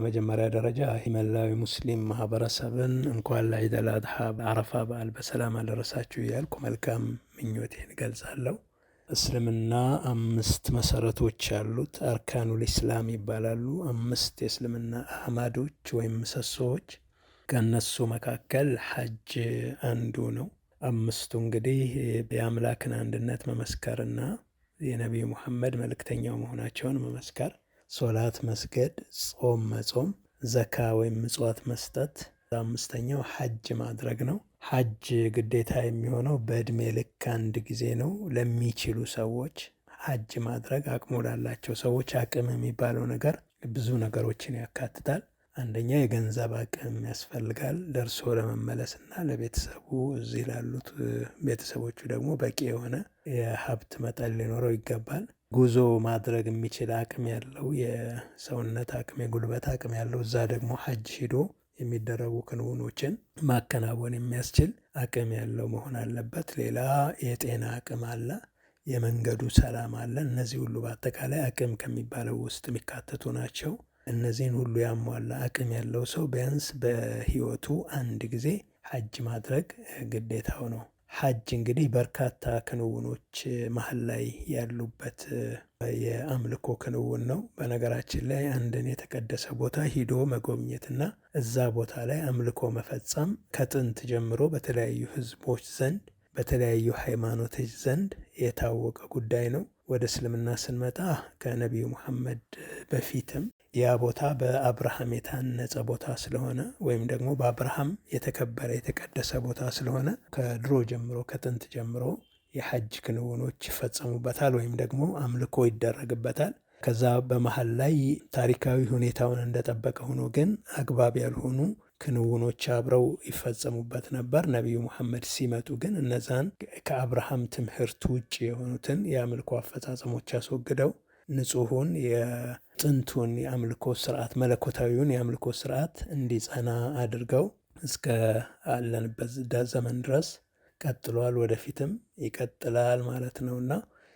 በመጀመሪያ ደረጃ የመላው ሙስሊም ማህበረሰብን እንኳን ለዒድ አል አረፋ በአረፋ በዓል በሰላም አደረሳችሁ እያልኩ መልካም ምኞቴን እገልጻለሁ። እስልምና አምስት መሰረቶች ያሉት አርካኑል ኢስላም ይባላሉ። አምስት የእስልምና አህማዶች ወይም ምሰሶዎች፣ ከእነሱ መካከል ሐጅ አንዱ ነው። አምስቱ እንግዲህ የአምላክን አንድነት መመስከርና የነቢዩ ሙሐመድ መልእክተኛው መሆናቸውን መመስከር ሶላት መስገድ፣ ጾም መጾም፣ ዘካ ወይም ምጽዋት መስጠት፣ አምስተኛው ሐጅ ማድረግ ነው። ሐጅ ግዴታ የሚሆነው በእድሜ ልክ አንድ ጊዜ ነው። ለሚችሉ ሰዎች ሐጅ ማድረግ አቅሙ ላላቸው ሰዎች አቅም የሚባለው ነገር ብዙ ነገሮችን ያካትታል። አንደኛ የገንዘብ አቅም ያስፈልጋል፣ ደርሶ ለመመለስና ለቤተሰቡ እዚህ ላሉት ቤተሰቦቹ ደግሞ በቂ የሆነ የሀብት መጠን ሊኖረው ይገባል። ጉዞ ማድረግ የሚችል አቅም ያለው የሰውነት አቅም የጉልበት አቅም ያለው እዛ ደግሞ ሀጅ ሂዶ የሚደረጉ ክንውኖችን ማከናወን የሚያስችል አቅም ያለው መሆን አለበት። ሌላ የጤና አቅም አለ፣ የመንገዱ ሰላም አለ። እነዚህ ሁሉ በአጠቃላይ አቅም ከሚባለው ውስጥ የሚካተቱ ናቸው። እነዚህን ሁሉ ያሟላ አቅም ያለው ሰው ቢያንስ በህይወቱ አንድ ጊዜ ሀጅ ማድረግ ግዴታው ነው። ሀጅ እንግዲህ በርካታ ክንውኖች መሀል ላይ ያሉበት የአምልኮ ክንውን ነው። በነገራችን ላይ አንድን የተቀደሰ ቦታ ሂዶ መጎብኘትና እዛ ቦታ ላይ አምልኮ መፈጸም ከጥንት ጀምሮ በተለያዩ ህዝቦች ዘንድ በተለያዩ ሃይማኖቶች ዘንድ የታወቀ ጉዳይ ነው። ወደ እስልምና ስንመጣ ከነቢዩ መሐመድ በፊትም ያ ቦታ በአብርሃም የታነጸ ቦታ ስለሆነ ወይም ደግሞ በአብርሃም የተከበረ የተቀደሰ ቦታ ስለሆነ ከድሮ ጀምሮ ከጥንት ጀምሮ የሐጅ ክንውኖች ይፈጸሙበታል ወይም ደግሞ አምልኮ ይደረግበታል። ከዛ በመሀል ላይ ታሪካዊ ሁኔታውን እንደጠበቀ ሆኖ ግን አግባብ ያልሆኑ ክንውኖች አብረው ይፈጸሙበት ነበር። ነቢዩ መሐመድ ሲመጡ ግን እነዛን ከአብርሃም ትምህርት ውጭ የሆኑትን የአምልኮ አፈጻጸሞች አስወግደው ንጹሁን ጥንቱን የአምልኮ ስርዓት መለኮታዊውን የአምልኮ ስርዓት እንዲጸና አድርገው እስከ አለንበት ዘመን ድረስ ቀጥሏል። ወደፊትም ይቀጥላል ማለት ነው እና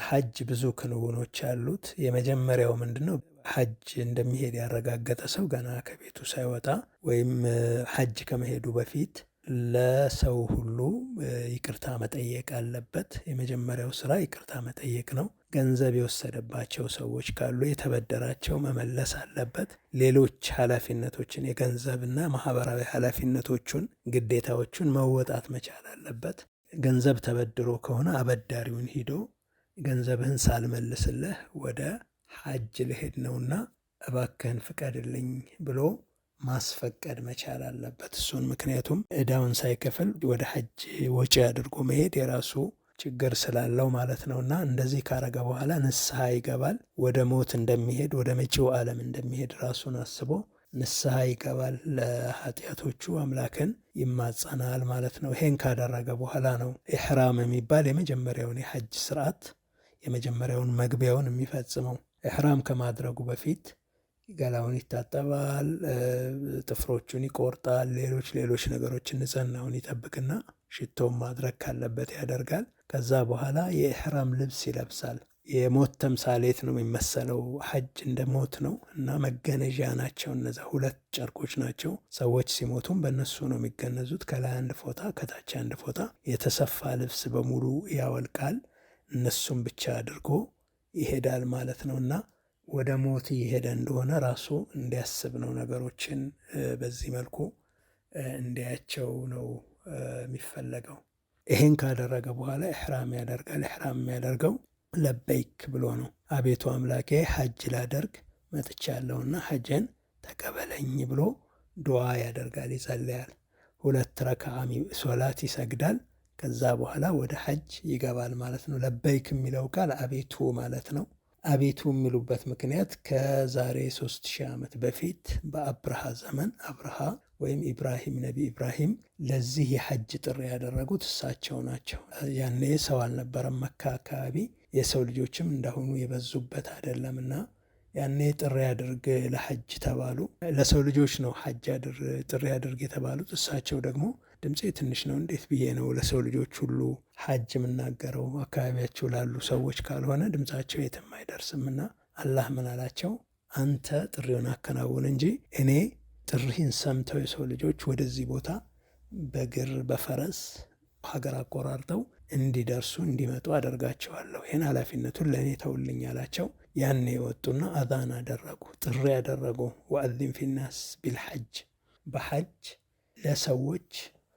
ሐጅ ብዙ ክንውኖች አሉት። የመጀመሪያው ምንድን ነው? ሐጅ እንደሚሄድ ያረጋገጠ ሰው ገና ከቤቱ ሳይወጣ ወይም ሐጅ ከመሄዱ በፊት ለሰው ሁሉ ይቅርታ መጠየቅ አለበት። የመጀመሪያው ስራ ይቅርታ መጠየቅ ነው። ገንዘብ የወሰደባቸው ሰዎች ካሉ የተበደራቸው መመለስ አለበት። ሌሎች ኃላፊነቶችን የገንዘብና ማህበራዊ ኃላፊነቶቹን ግዴታዎቹን መወጣት መቻል አለበት። ገንዘብ ተበድሮ ከሆነ አበዳሪውን ሂዶ ገንዘብህን ሳልመልስልህ ወደ ሐጅ ልሄድ ነውና እባክህን ፍቀድልኝ ብሎ ማስፈቀድ መቻል አለበት እሱን። ምክንያቱም እዳውን ሳይከፍል ወደ ሐጅ ወጪ አድርጎ መሄድ የራሱ ችግር ስላለው ማለት ነው። እና እንደዚህ ካረገ በኋላ ንስሐ ይገባል። ወደ ሞት እንደሚሄድ ወደ መጪው ዓለም እንደሚሄድ ራሱን አስቦ ንስሐ ይገባል። ለኃጢአቶቹ አምላክን ይማጸናል ማለት ነው። ይሄን ካደረገ በኋላ ነው ኢሕራም የሚባል የመጀመሪያውን የሐጅ ስርዓት የመጀመሪያውን መግቢያውን የሚፈጽመው። ኢሕራም ከማድረጉ በፊት ገላውን ይታጠባል፣ ጥፍሮቹን ይቆርጣል፣ ሌሎች ሌሎች ነገሮችን ንጽህናውን ይጠብቅና ሽቶም ማድረግ ካለበት ያደርጋል። ከዛ በኋላ የኢሕራም ልብስ ይለብሳል። የሞት ተምሳሌት ነው የሚመሰለው። ሐጅ እንደ ሞት ነው እና መገነዣ ናቸው። እነዛ ሁለት ጨርቆች ናቸው። ሰዎች ሲሞቱም በእነሱ ነው የሚገነዙት። ከላይ አንድ ፎጣ፣ ከታች አንድ ፎጣ የተሰፋ ልብስ በሙሉ ያወልቃል። እነሱም ብቻ አድርጎ ይሄዳል ማለት ነው እና ወደ ሞት እየሄደ እንደሆነ ራሱ እንዲያስብ ነው። ነገሮችን በዚህ መልኩ እንዲያቸው ነው የሚፈለገው። ይሄን ካደረገ በኋላ ኢሕራም ያደርጋል። ኢሕራም የሚያደርገው ለበይክ ብሎ ነው። አቤቱ አምላኬ ሐጅ ላደርግ መጥቻለሁና ሐጀን ተቀበለኝ ብሎ ዱዓ ያደርጋል፣ ይጸለያል። ሁለት ረካ ሶላት ይሰግዳል። ከዛ በኋላ ወደ ሐጅ ይገባል ማለት ነው። ለበይክ የሚለው ቃል አቤቱ ማለት ነው። አቤቱ የሚሉበት ምክንያት ከዛሬ ሶስት ሺህ ዓመት በፊት በአብርሃ ዘመን አብርሃ ወይም ኢብራሂም ነቢ ኢብራሂም ለዚህ የሐጅ ጥሪ ያደረጉት እሳቸው ናቸው። ያኔ ሰው አልነበረም መካ አካባቢ፣ የሰው ልጆችም እንዳሁኑ የበዙበት አይደለምና ያኔ ጥሪ አድርግ ለሐጅ ተባሉ። ለሰው ልጆች ነው ሐጅ አድር ጥሪ አድርግ የተባሉት። እሳቸው ደግሞ ድምፄ ትንሽ ነው፣ እንዴት ብዬ ነው ለሰው ልጆች ሁሉ ሐጅ የምናገረው? አካባቢያቸው ላሉ ሰዎች ካልሆነ ድምፃቸው የትም አይደርስምና አላህ ምን አላቸው? አንተ ጥሪውን አከናውን እንጂ እኔ ጥሪህን ሰምተው የሰው ልጆች ወደዚህ ቦታ በግር በፈረስ ሀገር አቆራርጠው እንዲደርሱ እንዲመጡ አደርጋቸዋለሁ። ይህን ኃላፊነቱን ለእኔ ተውልኝ አላቸው። ያን የወጡና አዛን አደረጉ፣ ጥሪ አደረጉ። ወአዚን ፊናስ ቢልሐጅ በሐጅ ለሰዎች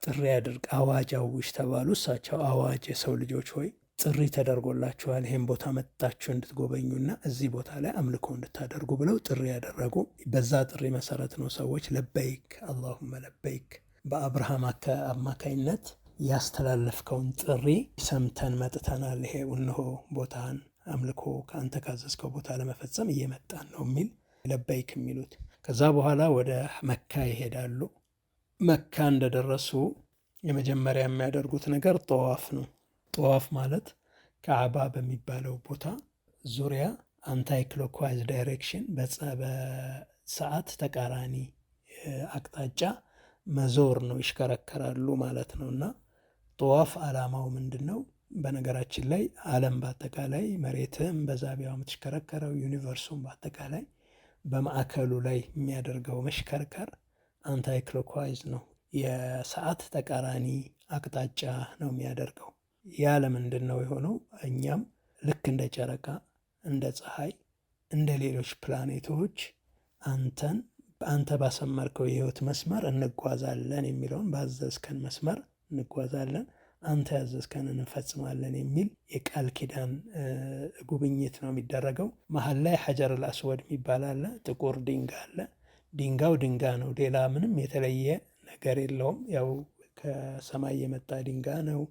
ጥሪ አድርግ፣ አዋጅ አውጅ ተባሉ። እሳቸው አዋጅ የሰው ልጆች ሆይ ጥሪ ተደርጎላችኋል። ይህም ቦታ መጥታችሁ እንድትጎበኙና እዚህ ቦታ ላይ አምልኮ እንድታደርጉ ብለው ጥሪ ያደረጉ። በዛ ጥሪ መሰረት ነው ሰዎች ለበይክ አላሁመ ለበይክ በአብርሃም አማካይነት ያስተላለፍከውን ጥሪ ሰምተን መጥተናል። ይሄ እነሆ ቦታን አምልኮ ከአንተ ካዘዝከው ቦታ ለመፈጸም እየመጣን ነው የሚል ለበይክ የሚሉት። ከዛ በኋላ ወደ መካ ይሄዳሉ። መካ እንደደረሱ የመጀመሪያ የሚያደርጉት ነገር ጠዋፍ ነው። ጠዋፍ ማለት ከአባ በሚባለው ቦታ ዙሪያ አንታይ ክሎክዋይዝ ዳይሬክሽን በሰዓት ተቃራኒ አቅጣጫ መዞር ነው፣ ይሽከረከራሉ ማለት ነው እና ጠዋፍ ዓላማው ምንድን ነው? በነገራችን ላይ ዓለም በአጠቃላይ መሬትም በዛቢያው የምትሽከረከረው ዩኒቨርሱም በአጠቃላይ በማዕከሉ ላይ የሚያደርገው መሽከርከር አንታይክሎኳይዝ ነው። የሰዓት ተቃራኒ አቅጣጫ ነው የሚያደርገው። ያ ለምንድን ነው የሆነው? እኛም ልክ እንደ ጨረቃ፣ እንደ ፀሐይ፣ እንደ ሌሎች ፕላኔቶች አንተን አንተ ባሰመርከው የህይወት መስመር እንጓዛለን የሚለውን ባዘዝከን መስመር እንጓዛለን፣ አንተ ያዘዝከን እንፈጽማለን የሚል የቃል ኪዳን ጉብኝት ነው የሚደረገው። መሀል ላይ ሀጀር ላስወድ የሚባል አለ፣ ጥቁር ድንጋ አለ። ድንጋው ድንጋ ነው፣ ሌላ ምንም የተለየ ነገር የለውም። ያው ከሰማይ የመጣ ድንጋ ነው፣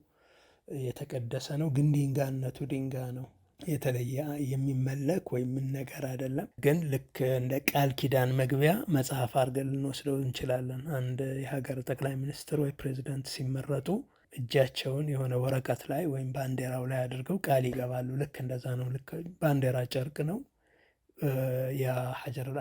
የተቀደሰ ነው፣ ግን ድንጋነቱ ድንጋ ነው። የተለየ የሚመለክ ወይም ነገር አይደለም። ግን ልክ እንደ ቃል ኪዳን መግቢያ መጽሐፍ አድርገን ልንወስደው እንችላለን። አንድ የሀገር ጠቅላይ ሚኒስትር ወይ ፕሬዚዳንት ሲመረጡ እጃቸውን የሆነ ወረቀት ላይ ወይም ባንዲራው ላይ አድርገው ቃል ይገባሉ። ልክ እንደዛ ነው። ልክ ባንዲራ ጨርቅ ነው። ያ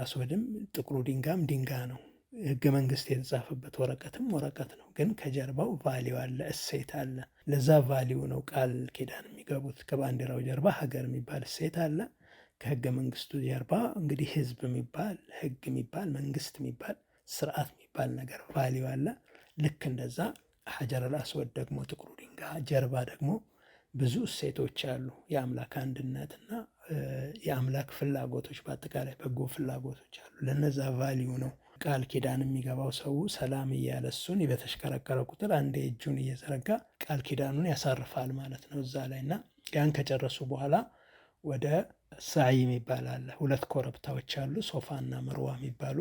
አስወድም ጥቁሩ ድንጋይም ድንጋይ ነው። ህገ መንግስት የተጻፈበት ወረቀትም ወረቀት ነው፣ ግን ከጀርባው ቫሊው አለ፣ እሴት አለ። ለዛ ቫሊው ነው ቃል ኪዳን የሚገቡት። ከባንዲራው ጀርባ ሀገር የሚባል እሴት አለ። ከህገ መንግስቱ ጀርባ እንግዲህ ህዝብ የሚባል ህግ የሚባል መንግስት የሚባል ስርዓት የሚባል ነገር ቫሊው አለ። ልክ እንደዛ ሀጀረል ላስወድ ደግሞ ጥቁሩ ድንጋይ ጀርባ ደግሞ ብዙ እሴቶች አሉ። የአምላክ አንድነትና የአምላክ ፍላጎቶች በአጠቃላይ በጎ ፍላጎቶች አሉ። ለነዛ ቫሊው ነው ቃል ኪዳን የሚገባው ሰው ሰላም እያለ እሱን በተሽከረከረ ቁጥር አንዴ እጁን እየዘረጋ ቃል ኪዳኑን ያሳርፋል ማለት ነው እዛ ላይ እና ያን ከጨረሱ በኋላ ወደ ሳይ የሚባል አለ። ሁለት ኮረብታዎች አሉ፣ ሶፋ እና መርዋ የሚባሉ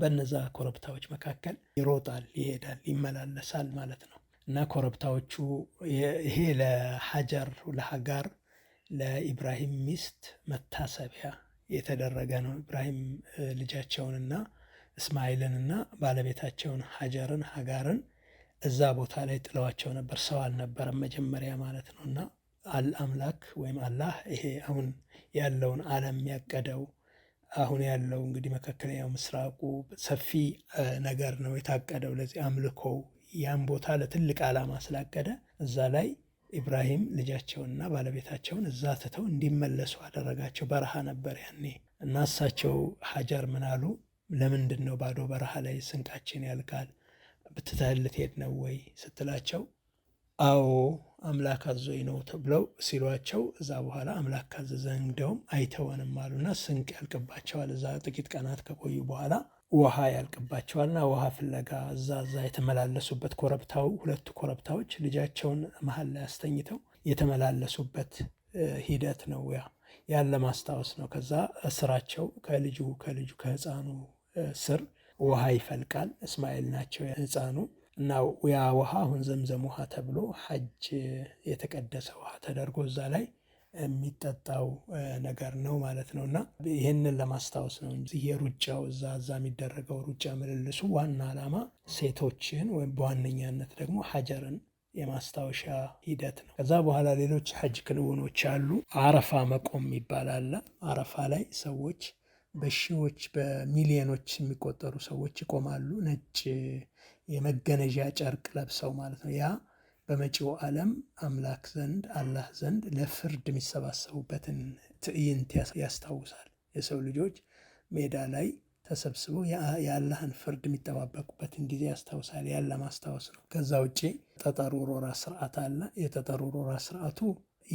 በነዛ ኮረብታዎች መካከል ይሮጣል፣ ይሄዳል፣ ይመላለሳል ማለት ነው እና ኮረብታዎቹ ይሄ ለሀጀር ለሀጋር ለኢብራሂም ሚስት መታሰቢያ የተደረገ ነው። ኢብራሂም ልጃቸውንና እስማኤልን እና ባለቤታቸውን ሀጀርን ሀጋርን እዛ ቦታ ላይ ጥለዋቸው ነበር። ሰው አልነበረም መጀመሪያ ማለት ነው። እና አምላክ ወይም አላህ ይሄ አሁን ያለውን ዓለም ያቀደው አሁን ያለው እንግዲህ መካከለኛው ምስራቁ ሰፊ ነገር ነው የታቀደው ለዚህ አምልኮው ያን ቦታ ለትልቅ ዓላማ ስላቀደ እዛ ላይ ኢብራሂም ልጃቸውንና ባለቤታቸውን እዛ ትተው እንዲመለሱ አደረጋቸው። በረሃ ነበር ያኔ እና እሳቸው ሀጀር ምናሉ ለምንድን ነው ባዶ በረሃ ላይ ስንቃችን ያልካል? ብትተህል ሄድ ነው ወይ ስትላቸው አዎ አምላክ አዞኝ ነው ተብለው ሲሏቸው፣ እዛ በኋላ አምላክ ካዘዘ እንደውም አይተወንም አሉና ስንቅ ያልቅባቸዋል። እዛ ጥቂት ቀናት ከቆዩ በኋላ ውሃ ያልቅባቸዋልና ውሃ ፍለጋ እዛ እዛ የተመላለሱበት ኮረብታው ሁለቱ ኮረብታዎች ልጃቸውን መሀል ላይ አስተኝተው የተመላለሱበት ሂደት ነው። ያ ያለ ማስታወስ ነው። ከዛ ስራቸው ከልጁ ከልጁ ከህፃኑ ስር ውሃ ይፈልቃል። እስማኤል ናቸው ህፃኑ እና ያ ውሃ አሁን ዘምዘም ውሃ ተብሎ ሐጅ የተቀደሰ ውሃ ተደርጎ እዛ ላይ የሚጠጣው ነገር ነው ማለት ነው። እና ይህንን ለማስታወስ ነው እንጂ የሩጫው እዛ እዛ የሚደረገው ሩጫ ምልልሱ ዋና ዓላማ ሴቶችን ወይም በዋነኛነት ደግሞ ሀጀርን የማስታወሻ ሂደት ነው። ከዛ በኋላ ሌሎች ሐጅ ክንውኖች አሉ። አረፋ መቆም ይባላል። አረፋ ላይ ሰዎች በሺዎች በሚሊዮኖች የሚቆጠሩ ሰዎች ይቆማሉ፣ ነጭ የመገነዣ ጨርቅ ለብሰው ማለት ነው። ያ በመጪው ዓለም አምላክ ዘንድ አላህ ዘንድ ለፍርድ የሚሰባሰቡበትን ትዕይንት ያስታውሳል። የሰው ልጆች ሜዳ ላይ ተሰብስበው የአላህን ፍርድ የሚጠባበቁበትን ጊዜ ያስታውሳል። ያን ለማስታወስ ነው። ከዛ ውጭ ጠጠሩ ሮራ ስርዓት አለ። የጠጠሩ ሮራ ስርዓቱ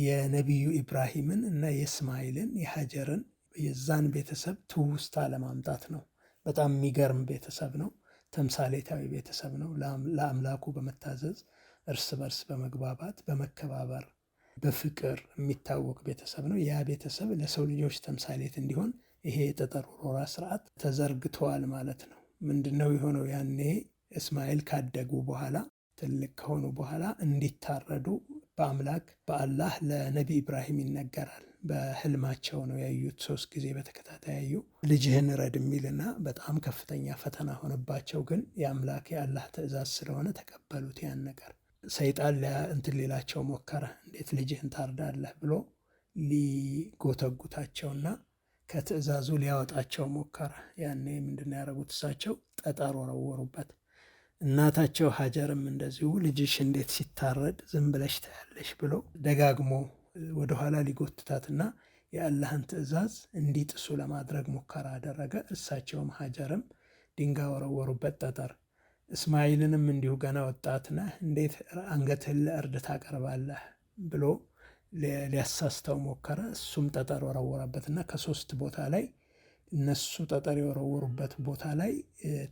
የነቢዩ ኢብራሂምን እና የእስማኤልን የሀጀርን የዛን ቤተሰብ ትውስታ ለማምጣት ነው። በጣም የሚገርም ቤተሰብ ነው። ተምሳሌታዊ ቤተሰብ ነው። ለአምላኩ በመታዘዝ እርስ በርስ በመግባባት በመከባበር በፍቅር የሚታወቅ ቤተሰብ ነው። ያ ቤተሰብ ለሰው ልጆች ተምሳሌት እንዲሆን ይሄ የጠጠር ሮራ ስርዓት ተዘርግተዋል ማለት ነው። ምንድን ነው የሆነው? ያኔ እስማኤል ካደጉ በኋላ ትልቅ ከሆኑ በኋላ እንዲታረዱ በአምላክ በአላህ ለነቢ ኢብራሂም ይነገራል። በህልማቸው ነው ያዩት። ሶስት ጊዜ በተከታታይ ያዩ ልጅህን ረድ የሚልና በጣም ከፍተኛ ፈተና ሆነባቸው። ግን የአምላክ የአላህ ትዕዛዝ ስለሆነ ተቀበሉት። ያን ነገር ሰይጣን እንትን ሌላቸው ሞከረ። እንዴት ልጅህን ታርዳለህ ብሎ ሊጎተጉታቸውና ከትዕዛዙ ሊያወጣቸው ሞከረ። ያኔ ምንድን ያደረጉት እሳቸው ጠጠር ወረወሩበት። እናታቸው ሀጀርም እንደዚሁ ልጅሽ እንዴት ሲታረድ ዝም ብለሽ ታያለሽ ብሎ ደጋግሞ ወደኋላ ሊጎትታትና የአላህን ትዕዛዝ እንዲጥሱ ለማድረግ ሙከራ አደረገ። እሳቸውም ሀጀርም ድንጋይ ወረወሩበት ጠጠር። እስማኤልንም እንዲሁ ገና ወጣት ነህ እንዴት አንገትህን ለእርድ ታቀርባለህ ብሎ ሊያሳስተው ሞከረ። እሱም ጠጠር ወረወረበትና ከሶስት ቦታ ላይ እነሱ ጠጠር የወረወሩበት ቦታ ላይ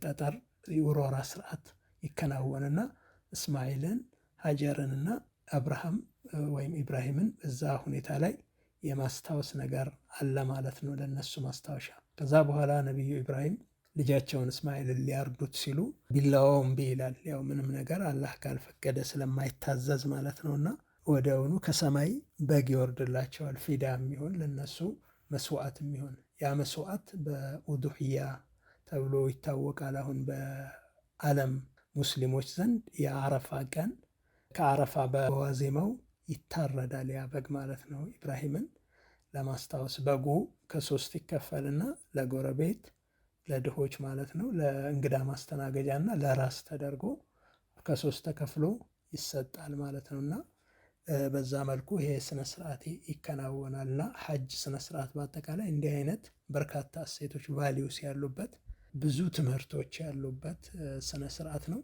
ጠጠር የውሮራ ስርዓት ይከናወንና እስማኤልን ሀጀርንና አብርሃም ወይም ኢብራሂምን በዛ ሁኔታ ላይ የማስታወስ ነገር አለ ማለት ነው፣ ለነሱ ማስታወሻ። ከዛ በኋላ ነቢዩ ኢብራሂም ልጃቸውን እስማኤልን ሊያርዱት ሲሉ ቢላዋውም ቢይላል ያው ምንም ነገር አላህ ካልፈቀደ ስለማይታዘዝ ማለት ነውና ወዲያውኑ ከሰማይ በግ ይወርድላቸዋል፣ ፊዳ የሚሆን ለነሱ መስዋዕት የሚሆን ያ መስዋዕት በኡዱሕያ ተብሎ ይታወቃል። አሁን በዓለም ሙስሊሞች ዘንድ የአረፋ ቀን ከአረፋ በዋዜማው ይታረዳል። ያ በግ ማለት ነው። ኢብራሂምን ለማስታወስ በጉ ከሶስት ይከፈልና ለጎረቤት፣ ለድሆች ማለት ነው፣ ለእንግዳ ማስተናገጃ ና ለራስ ተደርጎ ከሶስት ተከፍሎ ይሰጣል ማለት ነው እና በዛ መልኩ ይሄ ስነስርዓት ይከናወናልና ሐጅ ስነስርዓት በአጠቃላይ እንዲህ አይነት በርካታ እሴቶች ቫሊዩስ ያሉበት ብዙ ትምህርቶች ያሉበት ስነ ስርዓት ነው።